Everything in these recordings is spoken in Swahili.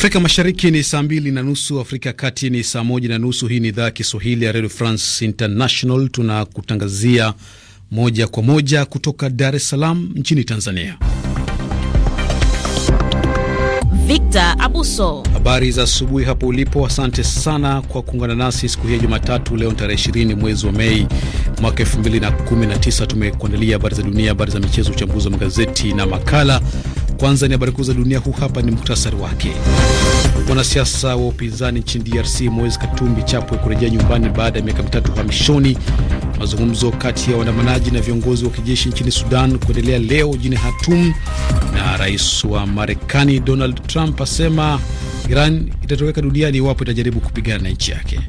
Afrika Mashariki ni saa mbili na nusu, Afrika ya Kati ni saa moja na nusu. Hii ni idhaa ya Kiswahili ya Radio France International, tunakutangazia moja kwa moja kutoka Dar es Salaam nchini Tanzania. Victor Abuso, habari za asubuhi hapo ulipo. Asante sana kwa kuungana nasi siku hii ya Jumatatu. Leo tarehe 20 mwezi wa Mei mwaka 2019, tumekuandalia habari za dunia, habari za michezo, uchambuzi wa magazeti na makala kwanza ni habari kuu za dunia, huu hapa ni muhtasari wake. Mwanasiasa wa upinzani nchini DRC Moise Katumbi Chapwe kurejea nyumbani baada ya miaka mitatu uhamishoni. Mazungumzo kati ya waandamanaji na viongozi wa kijeshi nchini Sudan kuendelea leo jini Hatum. Na rais wa Marekani Donald Trump asema Iran itatoweka duniani iwapo itajaribu kupigana na nchi yake.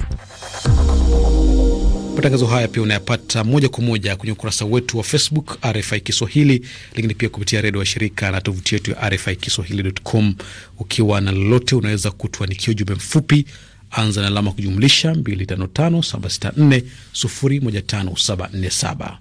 Matangazo haya pia unayapata moja kwa moja kwenye ukurasa wetu wa Facebook RFI Kiswahili, lakini pia kupitia redio wa shirika na tovuti yetu ya RFI Kiswahili.com. Ukiwa na lolote, unaweza kutuandikia ujumbe mfupi, anza na alama kujumlisha 255764015747.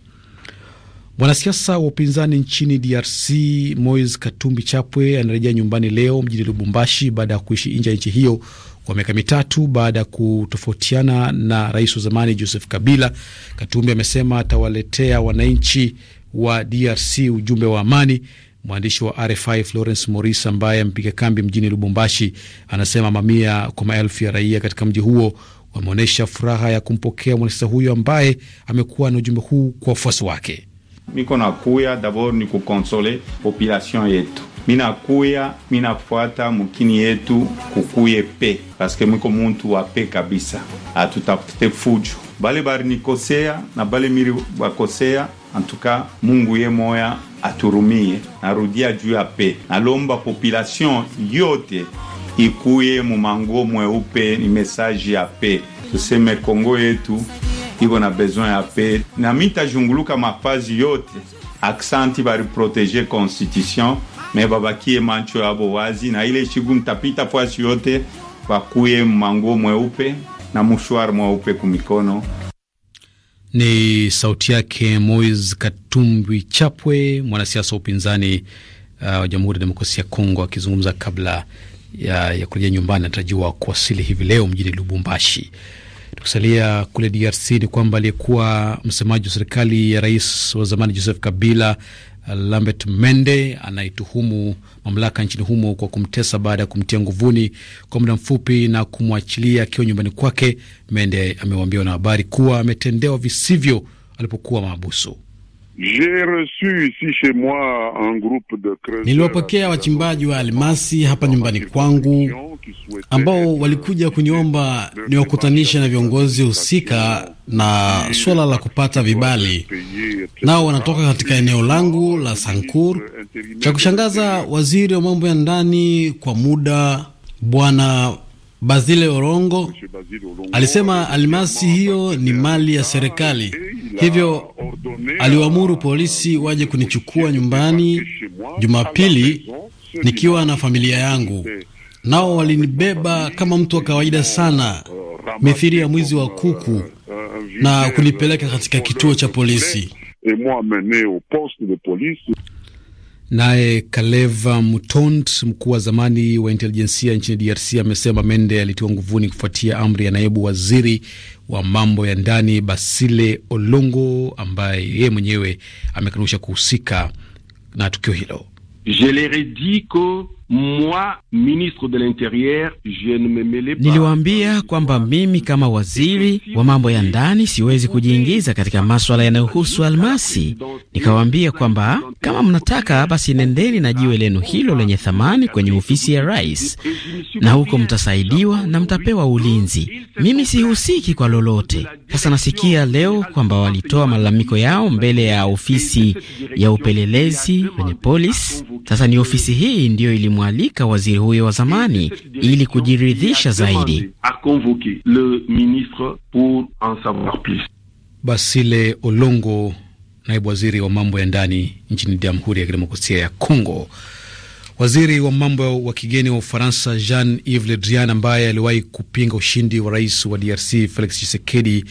Mwanasiasa wa upinzani nchini DRC Moise Katumbi Chapwe anarejea nyumbani leo mjini Lubumbashi baada ya kuishi nje ya nchi hiyo kwa miaka mitatu baada ya kutofautiana na rais wa zamani Joseph Kabila. Katumbi amesema atawaletea wananchi wa DRC ujumbe wa amani. Mwandishi wa RFI Florence Morris ambaye amepiga kambi mjini Lubumbashi anasema mamia kwa maelfu ya raia katika mji huo wameonyesha furaha ya kumpokea mwanasiasa huyo ambaye amekuwa na ujumbe huu kwa wafuasi wake. Miko nakuya dabor ni kukonsole population yetu minakuya minafuata mukini yetu kukuye pe paske mwiko muntu wa pe kabisa, atutafute fujo bale nikosea na bale miri bakosea. Antuka Mungu ye moya aturumie. Narudia juu ya pe, nalomba population yote ikuye mumango mweupe, ni mesaji ya pe, tuseme Kongo yetu iko na besoin ya pe, na mitajunguluka mafazi yote, aksanti bariproteje constitution mebabakie macho yavo wazi, na ile shigu mtapita fasi yote wakuye manguo mweupe na mushwar mweupe kumikono. Ni sauti yake Moise Katumbi Chapwe, mwanasiasa wa upinzani uh, wa uh, Jamhuri ya Demokrasia ya Kongo akizungumza kabla ya, ya kurejea nyumbani. Anatarajiwa kuwasili hivi leo mjini Lubumbashi. Tukisalia kule DRC ni kwamba aliyekuwa msemaji wa serikali ya rais wa zamani Joseph Kabila Eh, Lambert Mende anaituhumu mamlaka nchini humo kwa kumtesa baada ya kumtia nguvuni kwa muda mfupi na kumwachilia akiwa nyumbani kwake. Mende amewaambia wanahabari kuwa ametendewa visivyo alipokuwa mahabusu. J'ai reçu ici chez moi un groupe de niliwapokea wachimbaji wa almasi hapa nyumbani kwangu ambao walikuja kuniomba niwakutanishe na viongozi husika na suala la kupata vibali. Nao wanatoka katika eneo langu la Sankur. Cha kushangaza, waziri wa mambo ya ndani kwa muda Bwana Bazile Orongo alisema almasi hiyo ni mali ya serikali Hivyo aliwaamuru polisi waje kunichukua nyumbani Jumapili nikiwa na familia yangu, nao walinibeba kama mtu wa kawaida sana, mithiri ya mwizi wa kuku, na kunipeleka katika kituo cha polisi. Naye Kaleva Mutond, mkuu wa zamani wa intelijensia nchini DRC, amesema Mende alitiwa nguvuni kufuatia amri ya naibu waziri wa mambo ya ndani Basile Olongo, ambaye yeye mwenyewe amekanusha kuhusika na tukio hilo. Je Moi, ministre de l'Intérieur, je ne me mêle pas. Niliwaambia kwamba mimi kama waziri wa mambo ya ndani siwezi kujiingiza katika maswala yanayohusu almasi. Nikawaambia kwamba kama mnataka basi nendeni na jiwe lenu hilo lenye thamani kwenye ofisi ya rais, na huko mtasaidiwa na mtapewa ulinzi. Mimi sihusiki kwa lolote. Sasa nasikia leo kwamba walitoa malalamiko yao mbele ya ofisi ya upelelezi kwenye polisi. Sasa ni ofisi hii ndiyo ilimu amemwalika waziri huyo wa zamani ili kujiridhisha zaidi. Basile Olongo, naibu waziri wa mambo ya ndani nchini Jamhuri ya Kidemokrasia ya Kongo. Waziri wa mambo wa kigeni wa Ufaransa Jean Yves Le Drian, ambaye aliwahi kupinga ushindi wa rais wa DRC Felix Tshisekedi,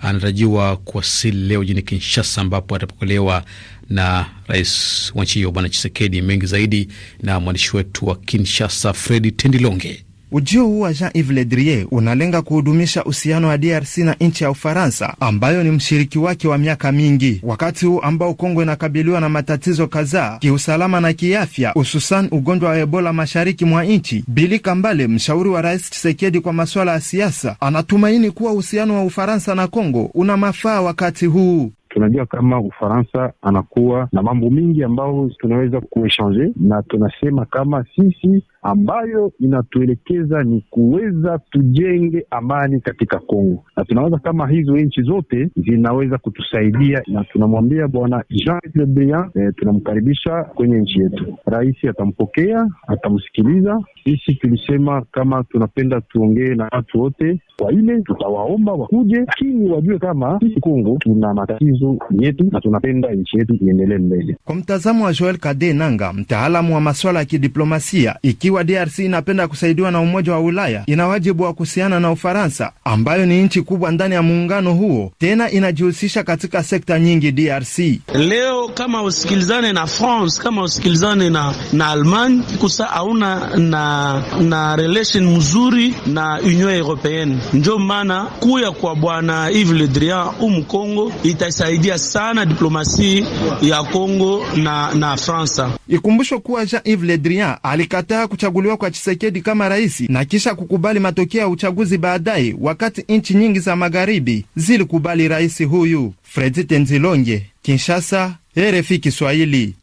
anatarajiwa kuwasili leo jini Kinshasa, ambapo atapokelewa na rais wa nchi hiyo Bwana Chisekedi. Mengi zaidi na mwandishi wetu wa Kinshasa, Fredi Tendilonge. Ujio huu wa Jean Yves Le Drian unalenga kuhudumisha uhusiano wa DRC na nchi ya Ufaransa ambayo ni mshiriki wake wa miaka mingi. Wakati huu ambao Kongo inakabiliwa na matatizo kadhaa kiusalama na kiafya, hususan ugonjwa wa Ebola mashariki mwa nchi, Bili Kambale, mshauri wa rais chisekedi kwa masuala ya siasa, anatumaini kuwa uhusiano wa Ufaransa na Kongo una mafaa wakati huu tunajua kama Ufaransa anakuwa na mambo mingi ambayo tunaweza kuechange, na tunasema kama sisi ambayo inatuelekeza ni kuweza tujenge amani katika Kongo, na tunawaza kama hizo nchi zote zinaweza kutusaidia, na tunamwambia Bwana Jean Le e, eh, tunamkaribisha kwenye nchi yetu. Rais atampokea atamsikiliza. Sisi tulisema kama tunapenda tuongee na watu wote kwa ile, tutawaomba wakuje, lakini wajue kama sisi Kongo tuna matatizo yetu na tunapenda nchi yetu iendelee mbele. Kwa mtazamo wa Joel Kade Nanga, mtaalamu wa maswala ya kidiplomasia iki ikiwa DRC inapenda kusaidiwa na Umoja wa Ulaya, ina wajibu wa kuhusiana na Ufaransa ambayo ni nchi kubwa ndani ya muungano huo, tena inajihusisha katika sekta nyingi DRC. Leo kama usikilizane na France, kama usikilizane na, na Almani kusa auna na, na relation mzuri na Union Europeenne. njo maana kuya kwa bwana Yves Le Drian umu Kongo itasaidia sana diplomasi ya Kongo na, na Fransa. Ikumbushwe kuwa Jean Yves Le Drian alikataa kuchaguliwa kwa Chisekedi kama rais na kisha kukubali matokeo ya uchaguzi baadaye, wakati nchi nyingi za magharibi zilikubali rais huyu. Fredi Tenzilonge, Kinshasa, RFI Kiswahili.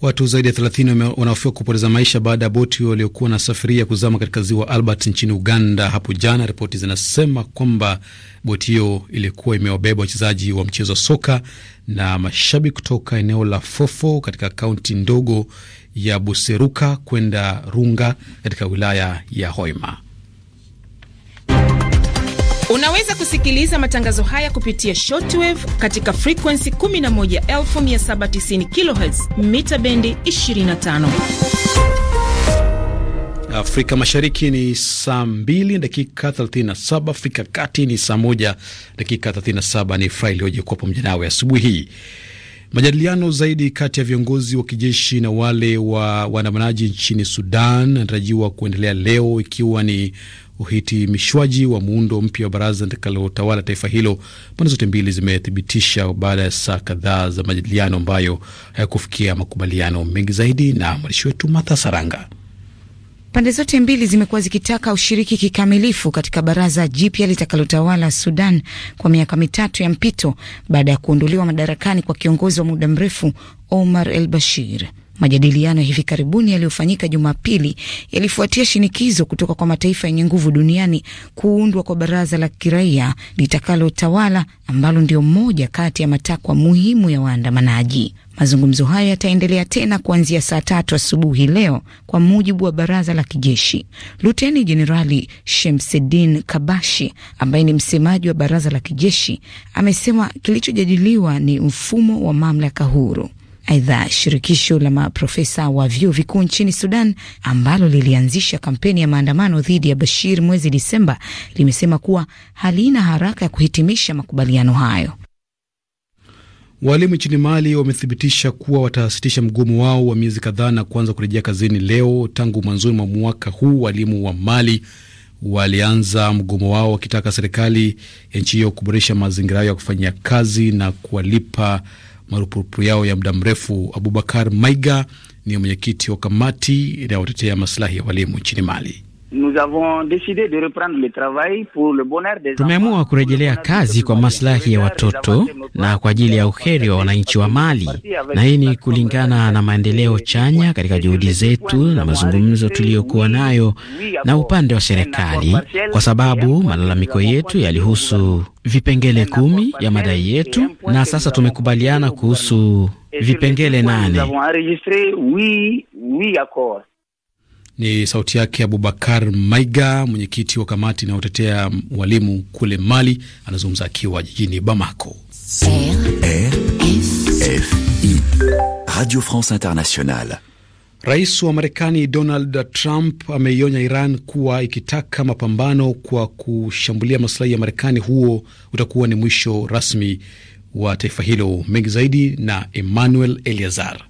Watu zaidi ya 30 wanaofiwa kupoteza maisha baada ya boti waliokuwa na safiria kuzama katika ziwa Albert nchini Uganda hapo jana. Ripoti zinasema kwamba boti hiyo ilikuwa imewabeba wachezaji wa mchezo wa soka na mashabiki kutoka eneo la Fofo katika kaunti ndogo ya Buseruka kwenda Runga katika wilaya ya Hoima. Unaweza kusikiliza matangazo haya kupitia shortwave katika frequency 11790 kh mita bendi 25. Afrika Mashariki ni saa 2 dakika 37, Afrika Kati ni saa 1 dakika 37. Ni furaha iliyoje kuwa pamoja nawe asubuhi hii. Majadiliano zaidi kati ya viongozi wa kijeshi na wale wa waandamanaji nchini Sudan anatarajiwa kuendelea leo ikiwa ni uhitimishwaji wa muundo mpya wa baraza litakalotawala taifa hilo. Pande zote mbili zimethibitisha baada ya saa kadhaa za majadiliano ambayo hayakufikia makubaliano mengi. Zaidi na mwandishi wetu matha Saranga. Pande zote mbili zimekuwa zikitaka ushiriki kikamilifu katika baraza jipya litakalotawala Sudan kwa miaka mitatu ya mpito baada ya kuondolewa madarakani kwa kiongozi wa muda mrefu Omar el Bashir. Majadiliano ya hivi karibuni yaliyofanyika Jumapili yalifuatia shinikizo kutoka kwa mataifa yenye nguvu duniani kuundwa kwa baraza la kiraia litakalotawala ambalo ndio moja kati ya matakwa muhimu ya waandamanaji. Mazungumzo hayo yataendelea tena kuanzia saa tatu asubuhi leo kwa mujibu wa baraza la kijeshi. Luteni Jenerali shemsedin Kabashi ambaye ni msemaji wa baraza la kijeshi amesema kilichojadiliwa ni mfumo wa mamlaka huru. Aidha, shirikisho la maprofesa wa vyuo vikuu nchini Sudan ambalo lilianzisha kampeni ya maandamano dhidi ya Bashir mwezi Disemba limesema kuwa halina haraka ya kuhitimisha makubaliano hayo. Walimu nchini Mali wamethibitisha kuwa watasitisha mgomo wao wa miezi kadhaa na kuanza kurejea kazini leo. Tangu mwanzoni mwa mwaka huu walimu wa Mali walianza mgomo wao wakitaka serikali ya nchi hiyo kuboresha mazingira yao ya kufanyia kazi na kuwalipa marupurupu yao ya muda mrefu. Abubakar Maiga ni mwenyekiti wa kamati inayotetea maslahi ya walimu nchini Mali tumeamua kurejelea kazi kwa maslahi ya watoto na kwa ajili ya uheri wa wananchi wa Mali, na hii ni kulingana na maendeleo chanya katika juhudi zetu na mazungumzo tuliyokuwa nayo na upande wa serikali, kwa sababu malalamiko yetu yalihusu vipengele kumi ya madai yetu, na sasa tumekubaliana kuhusu vipengele nane. Ni sauti yake Abubakar Maiga, mwenyekiti wa kamati inayotetea walimu kule Mali, anazungumza akiwa jijini Bamako. RFI, Radio France Internationale. Rais wa Marekani Donald Trump ameionya Iran kuwa ikitaka mapambano kwa kushambulia masilahi ya Marekani, huo utakuwa ni mwisho rasmi wa taifa hilo. Mengi zaidi na Emmanuel Eliazar.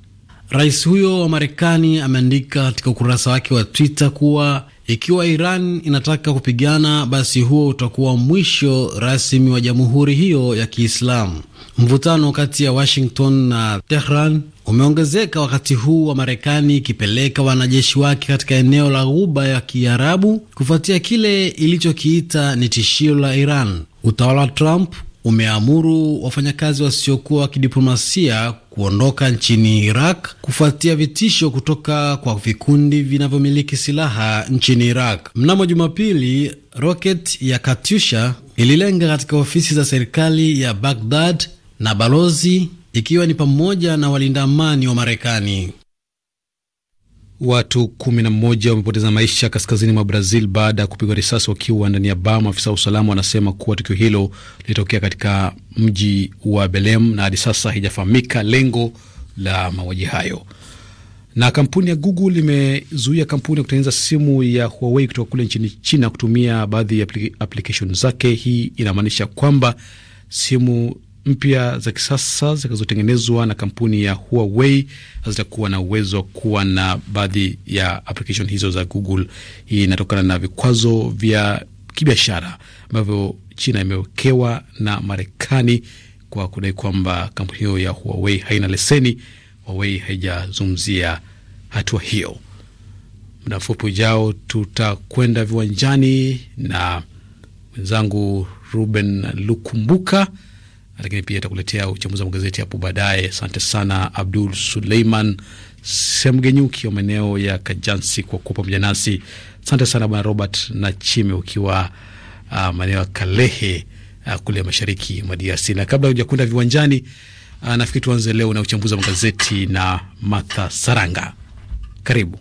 Rais huyo wa Marekani ameandika katika ukurasa wake wa Twitter kuwa ikiwa Iran inataka kupigana, basi huo utakuwa mwisho rasmi wa jamhuri hiyo ya Kiislamu. Mvutano kati ya Washington na Tehran umeongezeka wakati huu wa Marekani ikipeleka wanajeshi wake katika eneo la Ghuba ya Kiarabu kufuatia kile ilichokiita ni tishio la Iran. Utawala wa Trump umeamuru wafanyakazi wasiokuwa wa kidiplomasia kuondoka nchini Iraq kufuatia vitisho kutoka kwa vikundi vinavyomiliki silaha nchini Iraq. Mnamo Jumapili, roket ya Katyusha ililenga katika ofisi za serikali ya Baghdad na balozi, ikiwa ni pamoja na walinda amani wa Marekani. Watu kumi na mmoja wamepoteza maisha kaskazini mwa Brazil baada ya kupigwa risasi wakiwa ndani ya baa. Maafisa wa usalama wanasema kuwa tukio hilo lilitokea katika mji wa Belem na hadi sasa haijafahamika lengo la mauaji hayo. Na kampuni ya Google imezuia kampuni ya kutengeneza simu ya Huawei kutoka kule nchini China kutumia baadhi ya application zake. Hii inamaanisha kwamba simu mpya za kisasa zitakazotengenezwa na kampuni ya Huawei hazitakuwa na uwezo wa kuwa na baadhi ya application hizo za Google. Hii inatokana na vikwazo vya kibiashara ambavyo China imewekewa na Marekani kwa kudai kwamba kampuni hiyo ya Huawei haina leseni. Huawei haijazungumzia hatua hiyo. Muda mfupi ujao tutakwenda viwanjani na mwenzangu Ruben Lukumbuka lakini pia itakuletea uchambuzi wa magazeti hapo baadaye. Asante sana Abdul Suleiman Semgenyuki wa maeneo ya Kajansi kwa kuwa pamoja nasi. Asante sana Bwana Robert na Chime ukiwa uh, maeneo ya Kalehe uh, kule mashariki mwa DRC. Na kabla kwenda viwanjani, uh, nafikiri tuanze leo na uchambuzi wa magazeti na Martha Saranga. Karibu.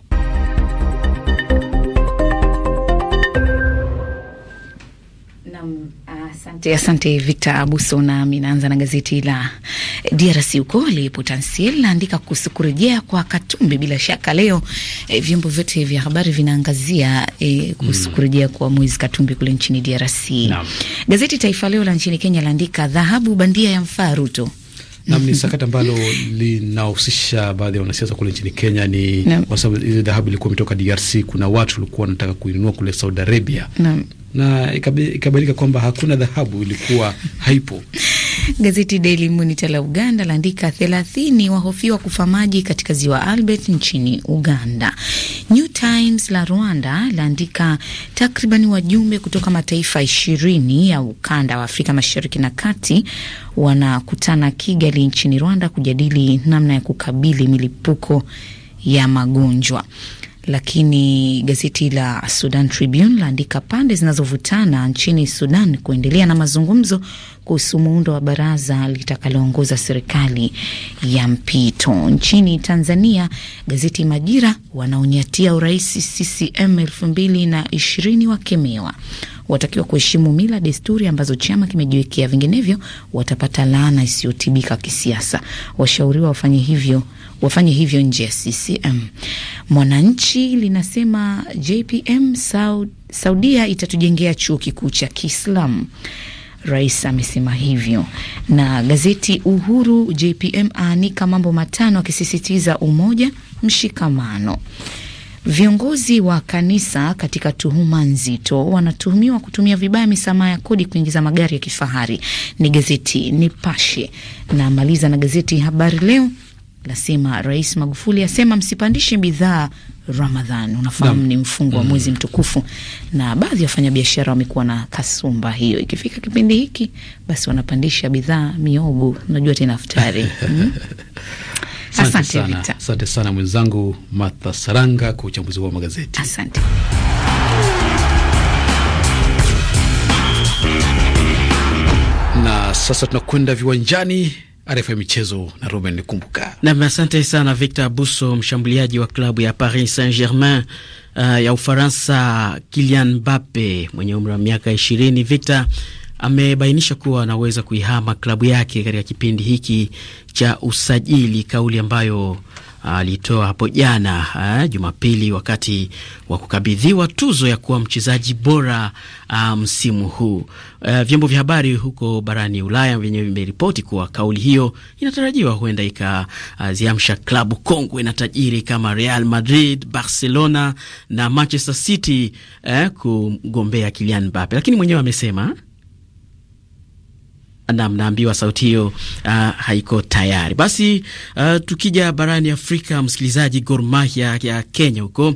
Asante Victor Abuso. Nami naanza na gazeti la DRC huko lipo Tansil laandika kuhusu kurejea kwa Katumbi. Bila shaka leo e, vyombo vyote vya habari vinaangazia e, kuhusu mm. kurejea kwa mwezi Katumbi kule nchini DRC. Naam. Gazeti Taifa Leo la nchini Kenya laandika dhahabu bandia ya mfaa Ruto. Nam ni sakata ambalo linahusisha baadhi ya wanasiasa kule nchini Kenya ni kwa sababu ile dhahabu ilikuwa imetoka DRC. Kuna watu walikuwa wanataka kuinunua kule Saudi Arabia. Naam na ikabalika kwamba hakuna dhahabu ilikuwa haipo. Gazeti Daily Monitor la Uganda laandika thelathini wahofiwa kufa maji katika ziwa Albert nchini Uganda. New Times la Rwanda laandika takriban wajumbe kutoka mataifa ishirini ya ukanda wa Afrika Mashariki na Kati wanakutana Kigali nchini Rwanda kujadili namna ya kukabili milipuko ya magonjwa. Lakini gazeti la Sudan Tribune laandika pande zinazovutana nchini Sudan kuendelea na mazungumzo kuhusu muundo wa baraza litakaloongoza serikali ya mpito. Nchini Tanzania, gazeti Majira wanaonyatia urais CCM elfu mbili na ishirini wakemewa watakiwa kuheshimu mila, desturi ambazo chama kimejiwekea, vinginevyo watapata laana isiyotibika kisiasa. Washauriwa wafanye hivyo, wafanye hivyo nje ya CCM. Mwananchi linasema JPM Saudi, Saudia itatujengea chuo kikuu cha Kiislamu. Rais amesema hivyo. Na gazeti Uhuru, JPM aanika mambo matano, akisisitiza umoja, mshikamano Viongozi wa kanisa katika tuhuma nzito wanatuhumiwa kutumia vibaya misamaha ya kodi kuingiza magari ya kifahari. Ni gazeti Nipashe. Na maliza na gazeti Habari Leo lasema Rais Magufuli asema msipandishe bidhaa Ramadhan. Unafahamu ni mfungo wa mm. mwezi mtukufu, na baadhi ya wafanyabiashara wamekuwa na kasumba hiyo, ikifika kipindi hiki basi wanapandisha bidhaa, miogo, unajua tena iftari mm? Asante sana, asante sana mwenzangu Martha Saranga kwa uchambuzi wa magazeti. Asante. Na sasa tunakwenda viwanjani. Arifa ya michezo na Ruben Kumbuka. Nam, asante sana Victor Abuso. Mshambuliaji wa klabu ya Paris Saint Germain uh, ya Ufaransa, Kylian Mbappe mwenye umri wa miaka ishirini, Victor amebainisha kuwa anaweza kuihama klabu yake katika kipindi hiki cha usajili, kauli ambayo ah, alitoa hapo jana ah, Jumapili wakati wa kukabidhiwa tuzo ya kuwa mchezaji bora ah, msimu huu. Eh, vyombo vya habari huko barani Ulaya vyenyewe vimeripoti kuwa kauli hiyo inatarajiwa huenda ikaziamsha klabu kongwe na tajiri kama Real Madrid, Barcelona na Manchester City uh, kumgombea Kylian Mbappe, lakini mwenyewe amesema na mnaambiwa sauti hiyo uh, haiko tayari. Basi uh, tukija barani Afrika, msikilizaji, Gor Mahia ya Kenya huko uh,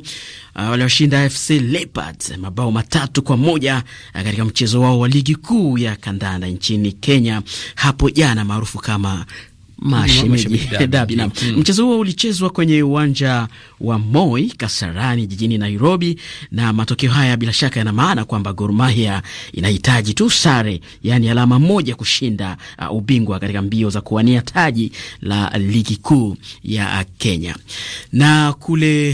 walioshinda FC Leopards mabao matatu kwa moja uh, katika mchezo wao wa ligi kuu ya kandanda nchini Kenya hapo jana maarufu kama mm, Mashemeji Dabi. Mm. Mchezo huo ulichezwa kwenye uwanja wa Moi Kasarani jijini Nairobi, na matokeo haya bila shaka yana maana kwamba Gor Mahia inahitaji tu sare, yani alama moja kushinda uh, ubingwa katika mbio za kuwania taji la ligi kuu ya uh, Kenya. Na kule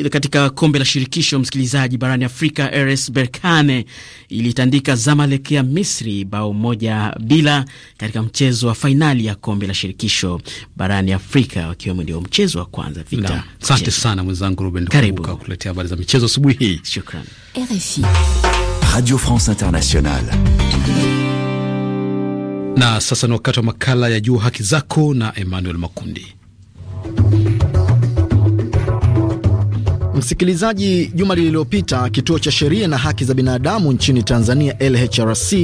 uh, katika kombe la shirikisho msikilizaji, barani Afrika, RS Berkane ilitandika Zamalek ya Misri bao moja bila katika mchezo wa fainali ya kombe la shirikisho barani Afrika, wakiwemo ndio mchezo wa kwa kwanza Asante sana mwenzangu Ruben, karibu habari za michezo asubuhi hii. Shukran. RFI Radio France Internationale. Na sasa ni wakati wa makala ya juu haki zako na Emmanuel Makundi. Msikilizaji, juma lililopita kituo cha sheria na haki za binadamu nchini Tanzania, LHRC,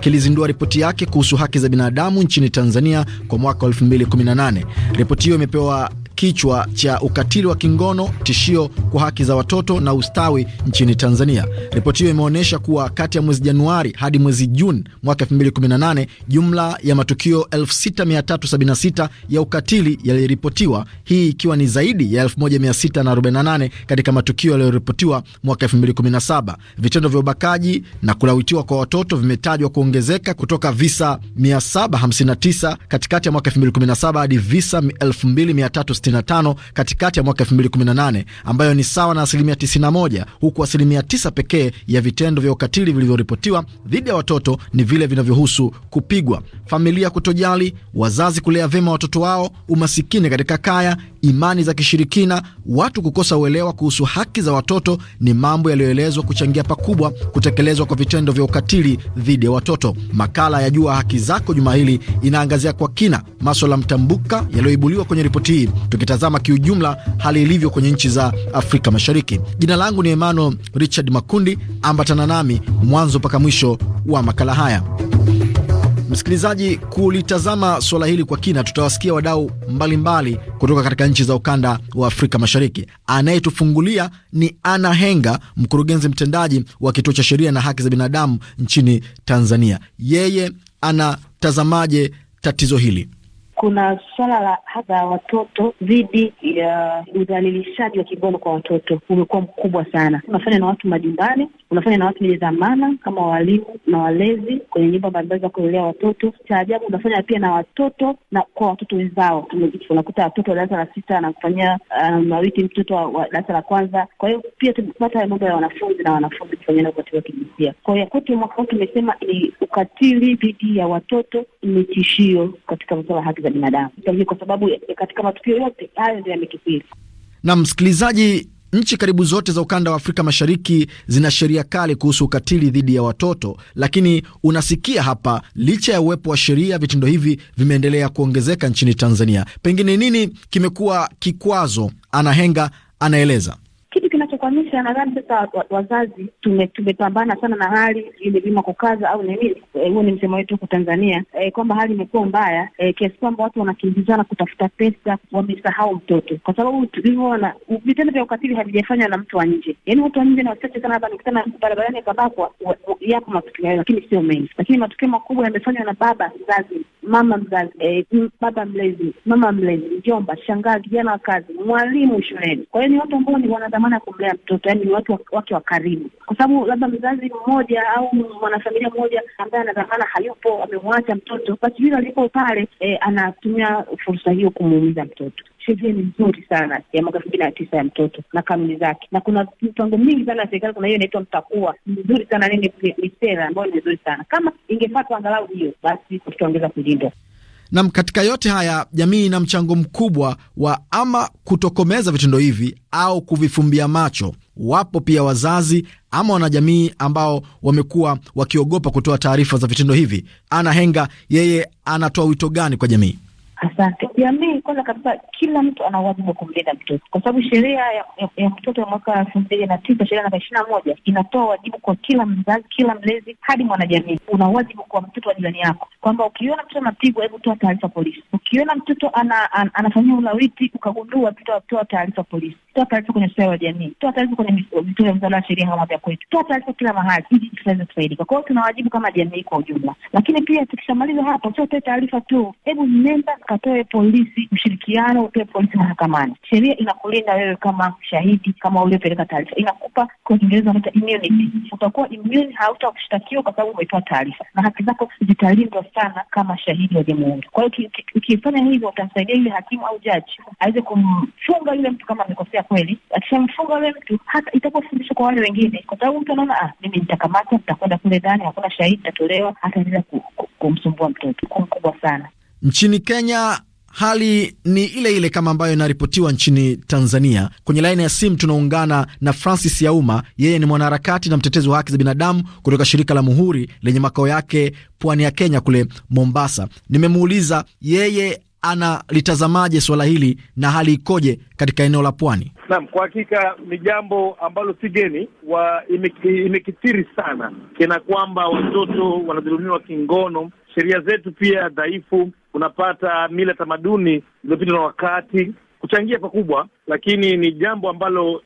kilizindua ripoti yake kuhusu haki za binadamu nchini Tanzania kwa mwaka 2018. Ripoti hiyo imepewa kichwa cha ukatili wa kingono tishio kwa haki za watoto na ustawi nchini Tanzania. Ripoti hiyo imeonyesha kuwa kati ya mwezi Januari hadi mwezi Juni mwaka 2018 jumla ya matukio 6376 ya ukatili yaliripotiwa, hii ikiwa ni zaidi ya 1648 katika matukio yaliyoripotiwa mwaka 2017. Vitendo vya ubakaji na kulawitiwa kwa watoto vimetajwa kuongezeka kutoka visa 759 katikati ya mwaka 2017 hadi visa 2360 65 katikati ya mwaka 2018 ambayo ni sawa na asilimia 91, huku asilimia 9 pekee ya vitendo vya ukatili vilivyoripotiwa dhidi ya watoto ni vile vinavyohusu kupigwa, familia kutojali, wazazi kulea vyema watoto wao, umasikini katika kaya imani za kishirikina, watu kukosa uelewa kuhusu haki za watoto ni mambo yaliyoelezwa kuchangia pakubwa kutekelezwa kwa vitendo vya ukatili dhidi ya watoto. Makala ya Jua Haki Zako juma hili inaangazia kwa kina maswala mtambuka yaliyoibuliwa kwenye ripoti hii, tukitazama kiujumla hali ilivyo kwenye nchi za Afrika Mashariki. Jina langu ni Emmanuel Richard Makundi, ambatana nami mwanzo mpaka mwisho wa makala haya. Msikilizaji, kulitazama suala hili kwa kina, tutawasikia wadau mbalimbali kutoka katika nchi za ukanda wa Afrika Mashariki. Anayetufungulia ni Ana Henga, mkurugenzi mtendaji wa kituo cha sheria na haki za binadamu nchini Tanzania. Yeye anatazamaje tatizo hili? kuna swala la hadha ya watoto dhidi ya udhalilishaji wa kigono kwa watoto umekuwa mkubwa sana. Unafanya na watu majumbani, unafanya na watu wenye dhamana kama walimu na walezi kwenye nyumba mbalimbali za kulelea watoto. Cha ajabu unafanya pia na watoto na kwa watoto wenzao, unakuta watoto wa darasa la sita anakufanyia um, mawiti um, mtoto wa darasa la kwanza. Kwa hiyo pia tumepata mambo ya wanafunzi na wanafunzi kufanya na ukatili wa kijinsia. Kwa hiyo kote mwaka huu tumesema ni ukatili dhidi ya watoto ni tishio katika masuala haki za binadamu, kwa sababu katika matukio yote hayo ndio yametupili. Na msikilizaji, nchi karibu zote za ukanda wa Afrika Mashariki zina sheria kali kuhusu ukatili dhidi ya watoto, lakini unasikia hapa, licha ya uwepo wa sheria, vitendo hivi vimeendelea kuongezeka nchini Tanzania. Pengine nini kimekuwa kikwazo? Anahenga anaeleza kitu kinachokwamisha nadhani sasa wazazi tumepambana tume sana na hali ile bima kukaza au nini, eh, huo ni msemo wetu huko Tanzania e, kwamba hali imekuwa mbaya e, kiasi kwamba watu wanakimbizana kutafuta pesa, wamesahau mtoto, kwa sababu tulivyoona vitendo vya ukatili havijafanywa na mtu wa nje, yaani watu wa nje ni wachache sana. Hapa nikutana barabarani akabakwa, yapo matukio hayo, lakini sio mengi, lakini matukio makubwa yamefanywa na baba mzazi, mama mzazi, e, baba mlezi, mama mlezi, mjomba, shangaa vijana wa kazi, mwalimu shuleni. Kwa hiyo ni watu ambao ni wana dhamana kumlea mtoto, yani ni watu wake wa karibu, kwa sababu labda mzazi mmoja au mwanafamilia mmoja ambaye anatamana hayupo, amemwacha mtoto, basi yule alipo pale e, anatumia fursa hiyo kumuumiza mtoto. Sheria ni nzuri sana ya mwaka elfu mbili na tisa ya mtoto na kanuni zake, na kuna mipango mingi sana ya serikali. Kuna hiyo inaitwa Mtakuwa, ni nzuri sana, ni sera ambayo ni nzuri sana. Kama ingefatwa angalau hiyo, basi tutaongeza kulindwa. Nam, katika yote haya jamii ina mchango mkubwa wa ama kutokomeza vitendo hivi au kuvifumbia macho. Wapo pia wazazi ama wanajamii ambao wamekuwa wakiogopa kutoa taarifa za vitendo hivi. Ana Henga, yeye anatoa wito gani kwa jamii? Asante. Jamii kwanza kabisa, kila mtu ana wajibu wa kumlinda mtoto, kwa sababu sheria ya, ya, ya mtoto ya mwaka elfu mbili na tisa sheria namba ishirini na moja inatoa wajibu kwa kila mzazi, kila mlezi, hadi mwanajamii. Una wajibu kwa mtoto wa jirani yako, kwamba ukiona mtoto anapigwa, hebu toa taarifa polisi. Ukiona mtoto ana, an, anafanyia ulawiti ukagundua, toa taarifa polisi, toa taarifa kwenye ustawi wa jamii, toa taarifa kwenye vituo vya msaada wa sheria kama vya kwetu, toa taarifa kila mahali, ili tutaweza kufaidika. Kwa hiyo tuna wajibu kama jamii kwa ujumla, tukishamaliza hapa, sio toe taarifa tu, hebu nenda atoe polisi ushirikiano, utoe polisi mahakamani. Sheria inakulinda wewe kama shahidi, kama uliopeleka taarifa, inakupa kwa Kiingereza wanaita immunity. Utakuwa immune, hautakushtakiwa kwa sababu umetoa taarifa, na haki zako zitalindwa sana kama shahidi wa jamhuri. Kwa hiyo ukifanya hivyo, utamsaidia yule hakimu au jaji aweze kumfunga yule mtu kama amekosea kweli. Akishamfunga yule mtu, hata itakuwa fundisho kwa wale wengine, kwa sababu mtu anaona ah, mimi nitakamata, nitakwenda kule ndani, hakuna shahidi, nitatolewa, hataendelea kumsumbua mtoto. Kwa mkubwa sana Nchini Kenya hali ni ile ile kama ambayo inaripotiwa nchini Tanzania. Kwenye laini ya simu tunaungana na Francis Yauma, yeye ni mwanaharakati na mtetezi wa haki za binadamu kutoka shirika la Muhuri lenye makao yake pwani ya Kenya kule Mombasa. Nimemuuliza yeye analitazamaje suala hili na hali ikoje katika eneo la pwani? Naam, kwa hakika ni jambo ambalo si geni, imekithiri sana, kena kwamba watoto wanadhulumiwa kingono. Sheria zetu pia dhaifu, unapata mila tamaduni zilizopitwa na wakati kuchangia pakubwa, lakini ni jambo ambalo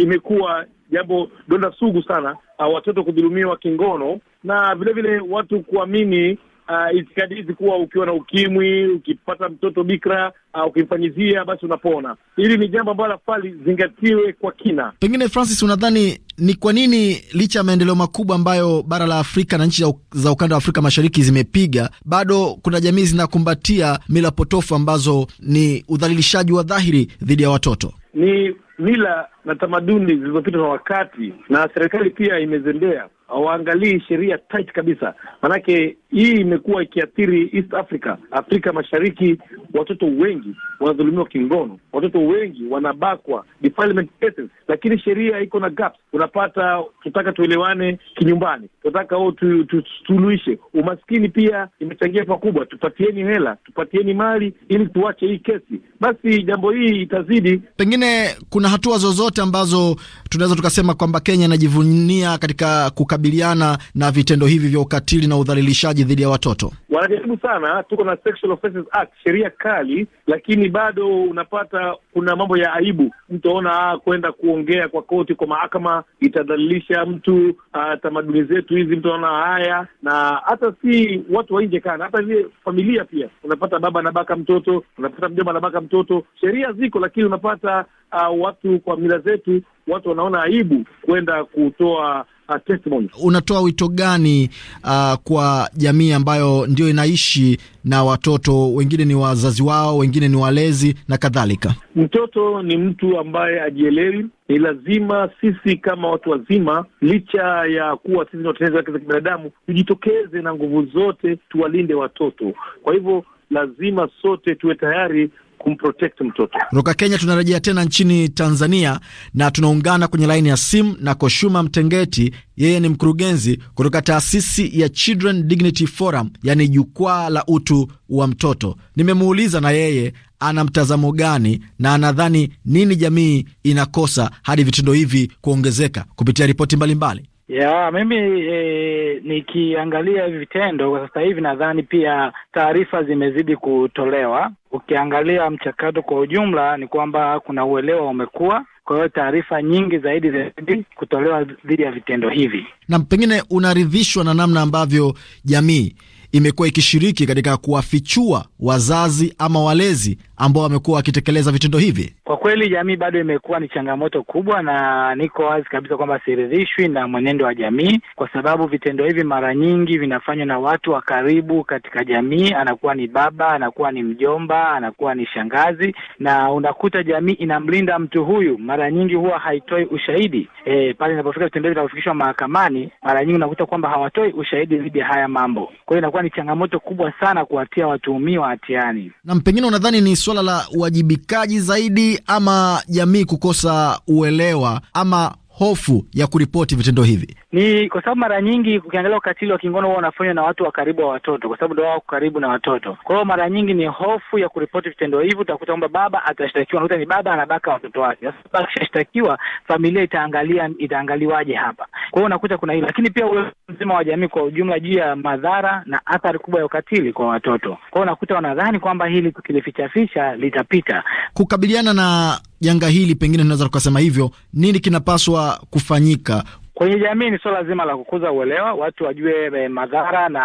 imekuwa jambo donda sugu sana, uh, watoto kudhulumiwa kingono na vilevile vile watu kuamini uh, itikadi hizi kuwa ukiwa na ukimwi, ukipata mtoto bikra uh, ukimfanyizia basi unapona. Hili ni jambo ambalo lafaa lizingatiwe kwa kina. Pengine Francis, unadhani ni kwa nini licha ya maendeleo makubwa ambayo bara la Afrika na nchi za ukanda wa Afrika Mashariki zimepiga, bado kuna jamii zinakumbatia mila potofu ambazo ni udhalilishaji wa dhahiri dhidi ya watoto? Ni mila na tamaduni zilizopitwa na wakati, na serikali pia imezembea, hawaangalii sheria tight kabisa. Maanake hii imekuwa ikiathiri East Africa, Afrika Mashariki. Watoto wengi wanadhulumiwa kingono, watoto wengi wanabakwa, defilement cases, lakini sheria iko na gaps. Unapata tunataka tuelewane kinyumbani, tunataka o tusuluhishe tu, umaskini pia imechangia pakubwa. Tupatieni hela, tupatieni mali ili tuache hii kesi, basi jambo hii itazidi. Pengine kuna hatua zozote zote ambazo tunaweza tukasema kwamba Kenya inajivunia katika kukabiliana na vitendo hivi vya ukatili na udhalilishaji dhidi ya watoto? Wanajaribu sana, tuko na Sexual Offences Act, sheria kali, lakini bado unapata kuna mambo ya aibu. mtu aona ah, kwenda kuongea kwa koti, kwa mahakama itadhalilisha mtu. Uh, tamaduni zetu hizi, mtu aona haya, na hata si watu wa nje kana, hata vile familia pia unapata baba anabaka mtoto, unapata mjomba anabaka mtoto. Sheria ziko, lakini unapata uh, watu kwa mila zetu watu wanaona aibu kwenda kutoa uh, testimony. Unatoa wito gani uh, kwa jamii ambayo ndio inaishi na watoto wengine ni wazazi wao, wengine ni walezi na kadhalika? Mtoto ni mtu ambaye ajielewi. Ni lazima sisi kama watu wazima, licha ya kuwa sisi ni watetezi wake za kibinadamu, tujitokeze na nguvu zote tuwalinde watoto. Kwa hivyo lazima sote tuwe tayari kumprotect mtoto. Kutoka Kenya tunarejea tena nchini Tanzania na tunaungana kwenye laini ya simu na Koshuma Mtengeti. Yeye ni mkurugenzi kutoka taasisi ya Children Dignity Forum, yani jukwaa la utu wa mtoto. Nimemuuliza na yeye ana mtazamo gani na anadhani nini jamii inakosa hadi vitendo hivi kuongezeka kupitia ripoti mbalimbali. Ya, mimi e, nikiangalia vitendo kwa sasa hivi nadhani pia taarifa zimezidi kutolewa. Ukiangalia mchakato kwa ujumla ni kwamba kuna uelewa umekuwa, kwa hiyo taarifa nyingi zaidi zaidi kutolewa dhidi ya vitendo hivi. nam pengine unaridhishwa na namna ambavyo jamii imekuwa ikishiriki katika kuwafichua wazazi ama walezi ambao wamekuwa wakitekeleza vitendo hivi? Kwa kweli jamii bado imekuwa ni changamoto kubwa, na niko wazi kabisa kwamba siridhishwi na mwenendo wa jamii, kwa sababu vitendo hivi mara nyingi vinafanywa na watu wa karibu katika jamii. Anakuwa ni baba, anakuwa ni mjomba, anakuwa ni shangazi, na unakuta jamii inamlinda mtu huyu. Mara nyingi huwa haitoi ushahidi e, pale inapofika vitendo hivi vinavyofikishwa mahakamani, mara nyingi unakuta kwamba hawatoi ushahidi dhidi ya haya mambo. Kwa hiyo inakuwa ni changamoto kubwa sana kuwatia watuhumiwa hatiani. Na pengine unadhani ni suala la uwajibikaji zaidi ama jamii kukosa uelewa ama hofu ya kuripoti vitendo hivi? Ni kwa sababu mara nyingi ukiangalia ukatili wa kingono huwa unafanywa na watu wa karibu wa watoto, kwa sababu ndio wao karibu na watoto. Kwa hiyo mara nyingi ni hofu ya kuripoti vitendo hivi Utakuta kwamba baba atashtakiwa, unakuta ni baba anabaka watoto wake. Sasa baba akishashtakiwa, familia itaangalia itaangaliwaje hapa? Kwa hiyo unakuta kuna hilo, lakini pia uwezo mzima wa jamii kwa ujumla juu ya madhara na athari kubwa ya ukatili kwa watoto. Kwa hiyo unakuta wanadhani kwamba hili tukilifichaficha litapita, kukabiliana na janga hili, pengine tunaweza tukasema hivyo, nini kinapaswa kufanyika Kwenye jamii ni suala zima la kukuza uelewa, watu wajue eh, madhara na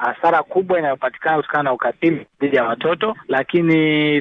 hasara kubwa inayopatikana kutokana na ukatili dhidi ya watoto. Lakini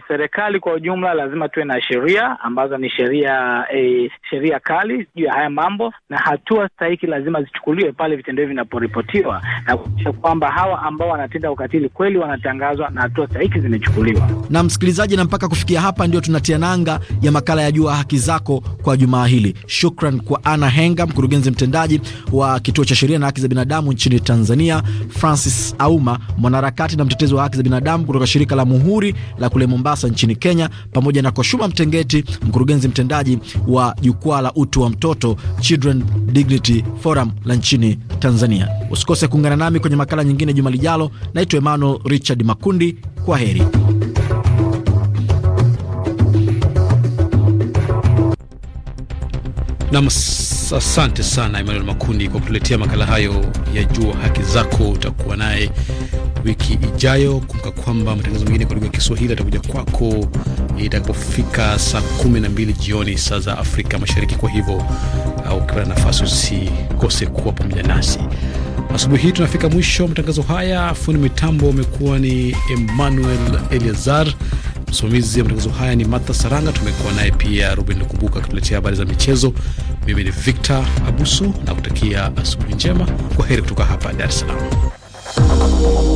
serikali kwa ujumla lazima tuwe na sheria ambazo ni sheria eh, sheria kali juu ya haya mambo, na hatua stahiki lazima zichukuliwe pale vitendo hivi vinaporipotiwa, na kuhakikisha kwamba hawa ambao wanatenda ukatili kweli wanatangazwa na hatua stahiki zimechukuliwa. Na msikilizaji, na mpaka kufikia hapa ndio tunatia nanga ya makala ya Jua Haki Zako kwa jumaa hili. Shukran kwa Ana Henga, mkurugenzi mkurugenzi mtendaji wa kituo cha sheria na haki za binadamu nchini Tanzania, Francis Auma, mwanaharakati na mtetezi wa haki za binadamu kutoka shirika la Muhuri la kule Mombasa nchini Kenya, pamoja na Koshuma Mtengeti, mkurugenzi mtendaji wa jukwaa la utu wa mtoto Children Dignity Forum la nchini Tanzania. Usikose kuungana nami kwenye makala nyingine juma lijalo. Naitwa Emmanuel Richard Makundi, kwa heri. Nam, asante sana Emmanuel Makundi kwa kutuletea makala hayo ya Jua Haki Zako. Utakuwa naye wiki ijayo. Kumbuka kwamba matangazo mengine kwa lugha ya Kiswahili atakuja kwako itakapofika saa kumi na mbili jioni saa za Afrika Mashariki. Kwa hivyo uh, ukipata nafasi usikose kuwa pamoja nasi asubuhi hii. Tunafika mwisho matangazo haya. Fundi mitambo amekuwa ni Emmanuel Eliazar. Msimamizi ya matangazo haya ni Martha Saranga, tumekuwa naye pia Ruben Lukumbuka akituletea habari za michezo. Mimi ni Victor Abuso na kutakia asubuhi njema. Kwa heri kutoka hapa Dar es Salaam.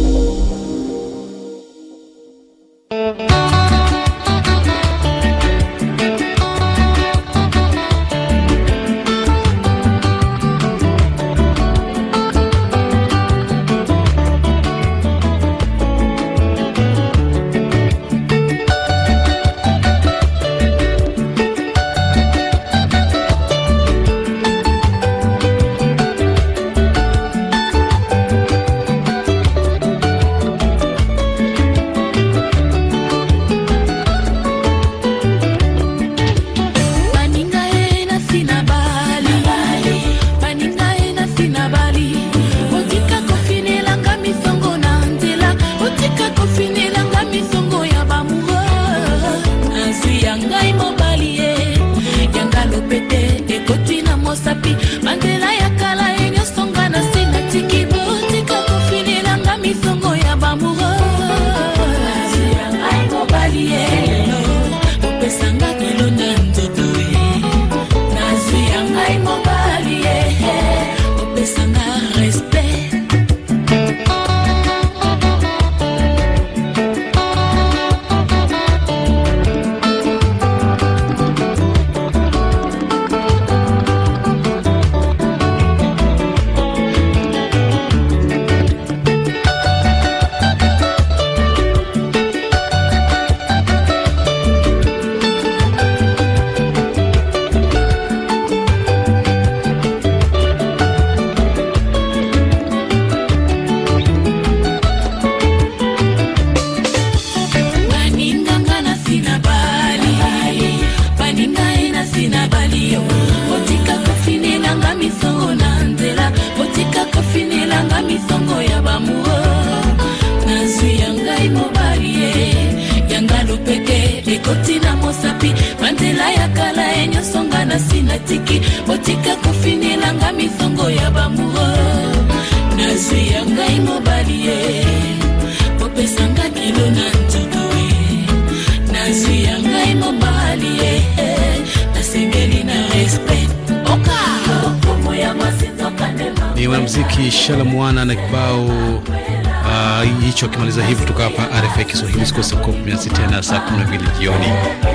Kishala Mwana na kibao uh, hicho. Uh, akimaliza hivyo kutoka hapa RFI Kiswahili, sikose kumiasi tena saa 12 jioni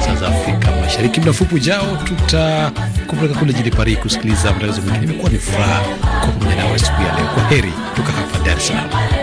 saa za Afrika Mashariki. Muda mfupi ujao tutakupeleka kule jijini Paris kusikiliza matangazo mengine. Imekuwa ni furaha kwa pamoja nawe siku ya leo. Kwa heri kutoka hapa Dar es Salaam.